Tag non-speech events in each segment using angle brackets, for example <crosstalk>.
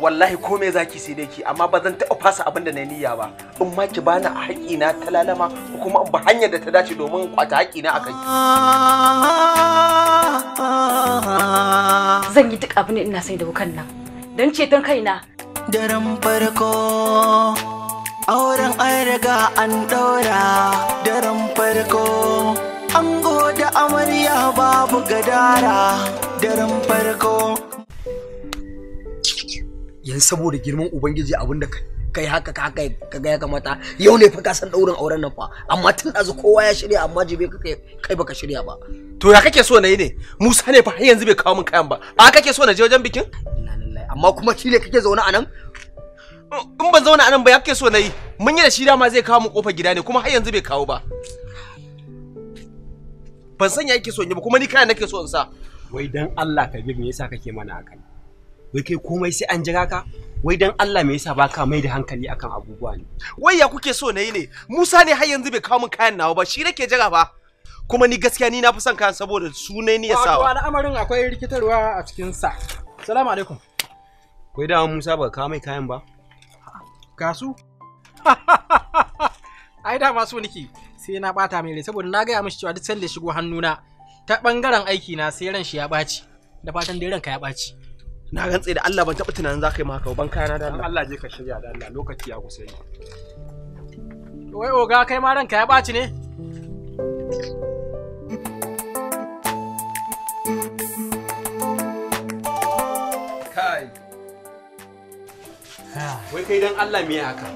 wallahi komai zaki sai dai ki amma ba zan taɓa fasa abin da na niyya ba in ma ki bani a na ta lalama kuma ba hanyar da ta dace domin kwata na a kai zan yi duk abin da ina sai da wukan nan don ceton kaina daren farko auren an riga an ɗora daren farko ango da amarya babu gadara daren farko yan saboda girman ubangiji abinda kai haka ka ka kaga ya kamata yau ne fa ka san daurin auren nan fa amma tun dazu kowa ya shirya amma jibe ka kai baka shirya ba to ya kake so na yi ne musa ne fa har yanzu bai kawo min kayan ba a kake so na je wajen bikin amma kuma shi ne kake zaune a nan in ban zauna a nan ba ya kake so na yi mun yi da shi dama zai kawo min kofar gida ne kuma har yanzu bai kawo ba ban san ya yake so in ba kuma ni kaya nake so in sa wai dan Allah ka me yasa kake mana hakan wai kai komai sai an jira ka wai dan Allah me yasa baka mai da hankali akan abubuwa ne wai ya kuke so nayi ne Musa ne har yanzu bai kawo min kayan nawa ba shi nake jira ba kuma ni gaskiya ni na fi son kayan saboda sunai ni ya sa wa al'amarin akwai rikitarwa a cikin sa assalamu alaikum kai da Musa ba kawo mai kayan ba Ka su? <laughs> ai da masu niki sai na bata mai rai saboda na gaya mishi cewa duk sanda ya shigo hannuna ta bangaren aiki na sai ran shi ya baci da fatan dai ranka ya baci na rantse da Allah ban taɓa tunanin za ka yi maka ban kayana da Allah Allah je ka shirya da Allah lokaci ya kusa yi wai oga kai ma ranka ya baci ne kai wai kai dan Allah me haka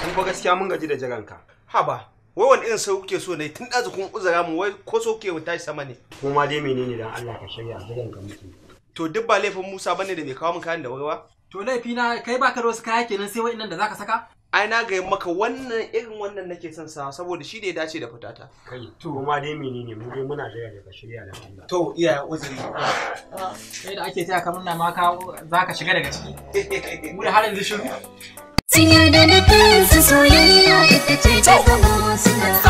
kun ba gaskiya mun gaji da jiranka haba wai wani irin sauki ke so ne tun ɗazu kun uzura mu wai ko so ke tashi sama ne kuma dai menene dan Allah ka shirya zuwan ka mutu to duk ba laifin Musa bane da bai kawo min kayan da wuri ba to laifi na kai baka da wasu kaya kenan sai wa'annan da zaka saka ai na gaya maka wannan irin wannan nake son sa saboda shi da ya dace da fitata kai to kuma dai menene mu dai muna da daga shirya da Allah to iya uzuri kai da ake taya kamar na maka ka zaka shiga daga ciki mu da har yanzu shiru sun yarda da kansu soyayya ita ce ta zama suna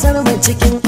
zama chicken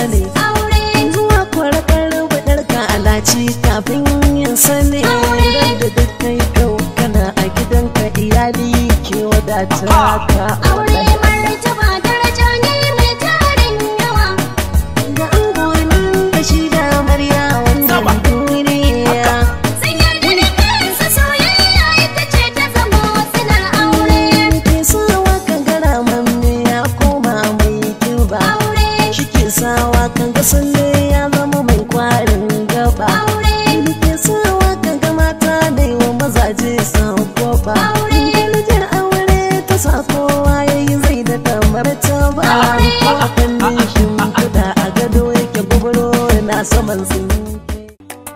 sani zuwa kwarakar budar ka alaci kafin yin sani da duk kai kana a gidanka iyali ke wadata ka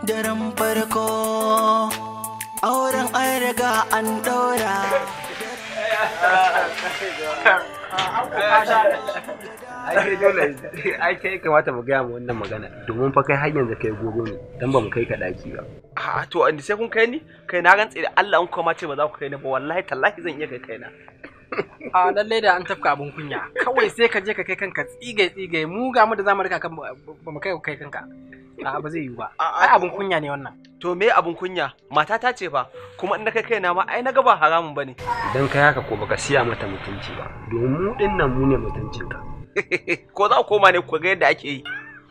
daren farko auren an riga an daura ai kai kamata mu gaya mu wannan magana domin fa kai har yanzu kai gogo ne dan ba mu kai ka daki ba a to an sai kun kai ni kai na gantsi da Allah an kuma ce ba za ku kai ni ba wallahi tallahi zan iya kai kaina a lalle da an tafka abun kunya kawai sai ka je ka kai kanka tsigai tsigai mu ga mu da zamu rika kan ba mu kai kai kanka A'a ba zai yiwu ba. Ai abun kunya ne wannan. To me abun kunya? Mata ta ce fa kuma in na kai kaina ma ai na ba haramun bane. Idan kai haka ko baka siya mata mutunci ba. Domin mu din nan mu ne mutuncinka. <laughs> Ko za ku koma ne ku ga yadda ake yi.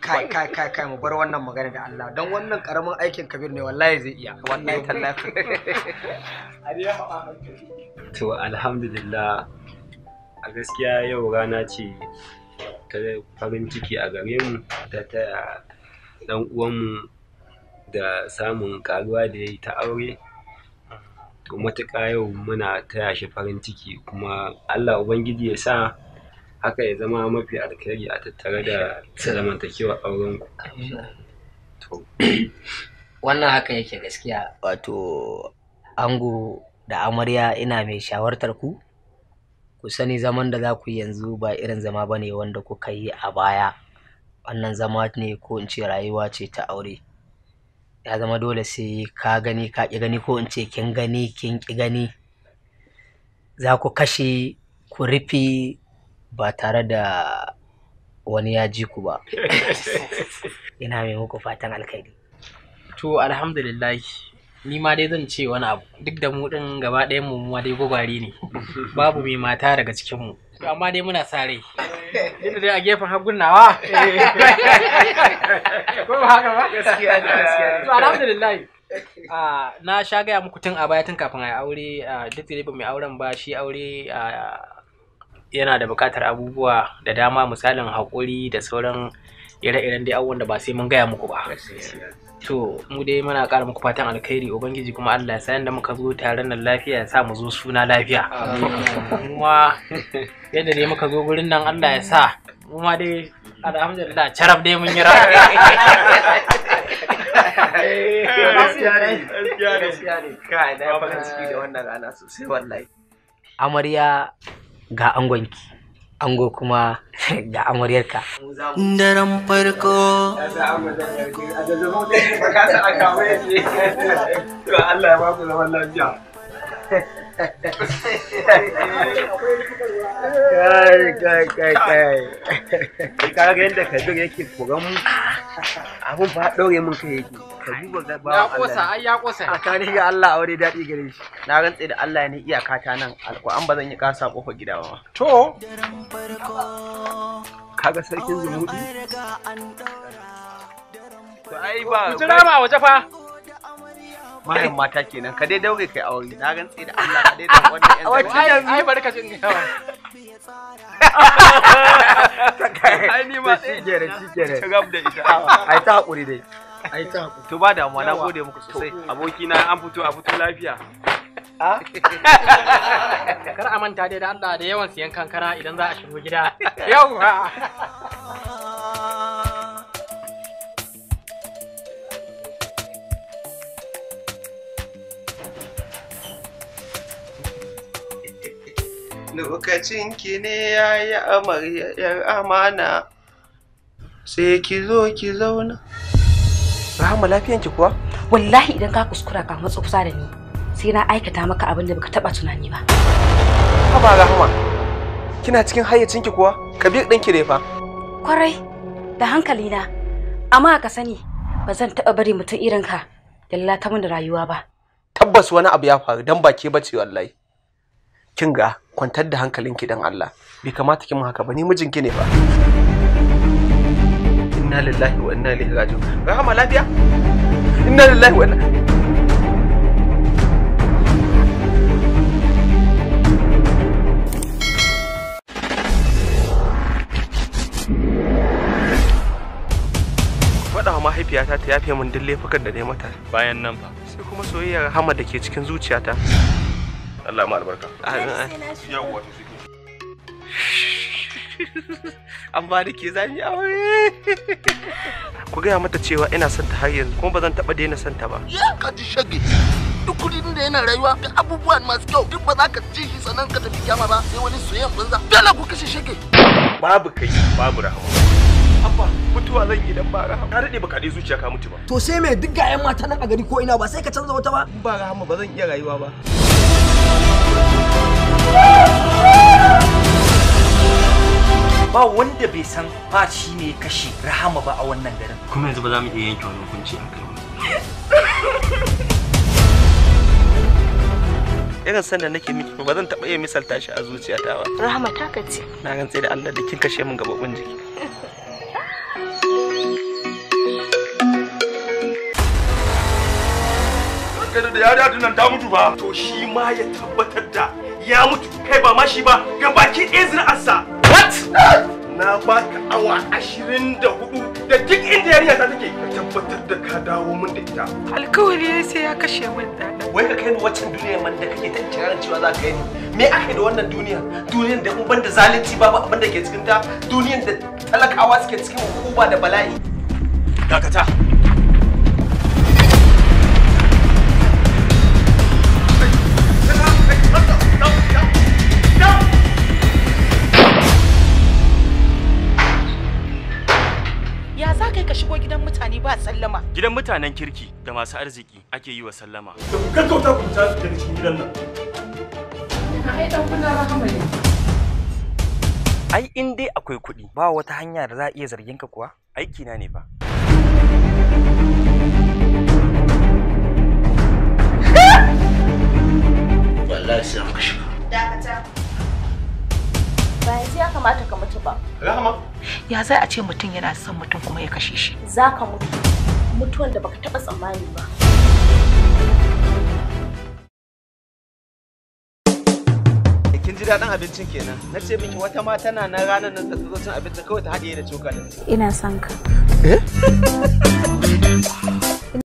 kai kai kai kai mu bar wannan magana da Allah don wannan karamin aikin kabir ne wallahi zai iya wallahi tallafi <laughs> to alhamdulillah a gaskiya yau rana ce ta farin ciki a gare mu ta taya dan uwanmu da samun ƙaruwa da yayi ta aure to matuƙa yau muna taya shi farin ciki kuma Allah ubangiji ya sa haka ya zama mafi alkhairi a tattare da zamantakewar auren ku to wannan haka yake gaskiya wato ango da amarya ina mai shawartar ku ku sani zaman da za ku yi yanzu ba irin zama ba ne wanda kuka yi a baya wannan zama ne ko in ce rayuwa ce ta aure ya zama dole sai ka gani ka ƙi gani ko in ce kin gani kin ƙi gani za ku kashe ku rufe ba tare da wani ya ji ku ba <laughs> ina mai muku fatan alkhairi to alhamdulillah ni ma dai zan ce wani abu duk da mu din gaba ɗayan mu ma dai gubari ne babu mai mata daga cikin mu amma dai muna sa rai inda dai a gefen hagun nawa ko ba haka ba gaskiya to alhamdulillah ah, na sha gaya muku tun a baya tun kafin a aure duk da mai auren ah, ba shi aure yana ah, da buƙatar abubuwa da dama misalin haƙuri da sauran ire-iren dai abubuwan da ba sai mun gaya muku ba to mu dai muna ƙara muku fatan alkhairi ubangiji kuma Allah ya sa da muka zo tare nan lafiya ya sa mu zo suna lafiya kuma <laughs> yadda dai muka zo gurin nan Allah ya sa mu ma dai alhamdulillah carab dai mun yi rawa amarya ga angonki ango kuma ga amaryarka. Daren farko. kai ya ba kai kai lafiya. Kai kai kai kai. kai yadda Kabir yake kai mu. <laughs> abun ba ɗaure min kai yake ka duba gaba ya kosa ai ya kosa a <laughs> kani ga Allah aure daɗi gare shi na rantse da Allah ne iyaka ta nan alƙur'an ba zan yi kasa kofa gida ba to kaga sarkin zumuɗi to ai ba ku ba waje fa mayan mata kenan ka dai daure kai aure na rantse da Allah ka dai da <laughs> wannan yanzu ai barka jin yawa ai ni ma shi kenan shi kenan ita ta hakuri dai ai ta hakuri to ba damuwa na gode muku sosai aboki na an fito a fito lafiya kar a manta dai da Allah da yawan siyan kankara idan za a shigo gida yawwa lokacin ki ne ya yi amaryar amana sai ki zo ki zauna Rahama lafiyan ki kuwa wallahi idan ka kuskura ka matsa kusa da ni sai na aikata maka abin da baka taba tunani ba Haba Rahama kina cikin hayyacin ki kuwa bi ɗinki ne fa Kwarai da hankali na amma ka sani ba zan taba bari mutum irin ka da lalata mun da rayuwa ba Tabbas wani abu ya faru dan ba ke bace wallahi kin ga kwantar da ki dan Allah bai kamata ki kin haka ba ni mijinki ne ba inna lillahi wa inna ilaihi raji'un rahama lafiya inna lillahi wa inna faɗawa mahaifiyata ta yafe min duk laifukan da na mata bayan nan fa sai kuma soyayyar rahama da ke cikin zuciyata Allah ma albarka yawwa to shi <laughs> an ba da ke zami aure <laughs> ku gaya mata cewa ina son ta har yanzu kuma ba zan taɓa daina son ta ba ya ka ji shage duk kudin da yana rayuwa da abubuwan masu kyau duk ba za ka ci shi sannan ka tafi kyama ba sai wani soyayyan banza Dala ku kashe shage babu kai babu rahawa Abba, mutuwa zan yi dan ba rahama. Ka daɗe baka ɗaya zuciya ka mutu ba. To sai me duk ga 'yan mata nan a gari ko ina ba sai ka canza wata ba? Ba rahama ba zan iya rayuwa ba. ba wanda bai san ba shi ne kashe rahama ba a wannan garin kuma yanzu ba za mu iya yanke wani hukunci a kai irin sanda nake miki ba zan taɓa iya misalta shi a zuciyata ba rahama ta kace na rantse da Allah da kin kashe min gababin jiki kai da yariya dinnan ta mutu ba to shi ma ya tabbatar da ya mutu kai ba ma shi ba ga baki ɗaya what na baka awa ashirin da hudu da duk inda yariya ta take ka tabbatar da ka dawo min da ita alkawari ne sai ya kashe min dana wai ka kai ni waccan duniya man da kake tantaran cewa za ka yi me aka yi da wannan duniya duniyar da in da zalunci babu abin da ke cikin ta duniyar da talakawa suke cikin hukuma da bala'i dakata kai ka shigo gidan mutane ba sallama? Gidan mutanen kirki da masu arziki ake yi wa sallama. Da ku gaggauta ku fita daga cikin gidan nan. Ai dan kuna rahama ne. Ai in dai akwai kuɗi ba wata hanya da za a iya zargin ka kuwa aiki na ne ba. Wallahi sai an kashe ka. Dakata. kamata ka mutu ba. Rahama? Ya zai a ce mutum yana son mutum kuma ya kashe shi. Za ka mutu. Mutuwan da baka taba tsammani ba. Eh, kin ji daɗin abincin kenan. Na ce miki wata ma tana na ranar nan da zo cin abinci kawai ta haɗiye da cokali. Ina son Eh? <laughs>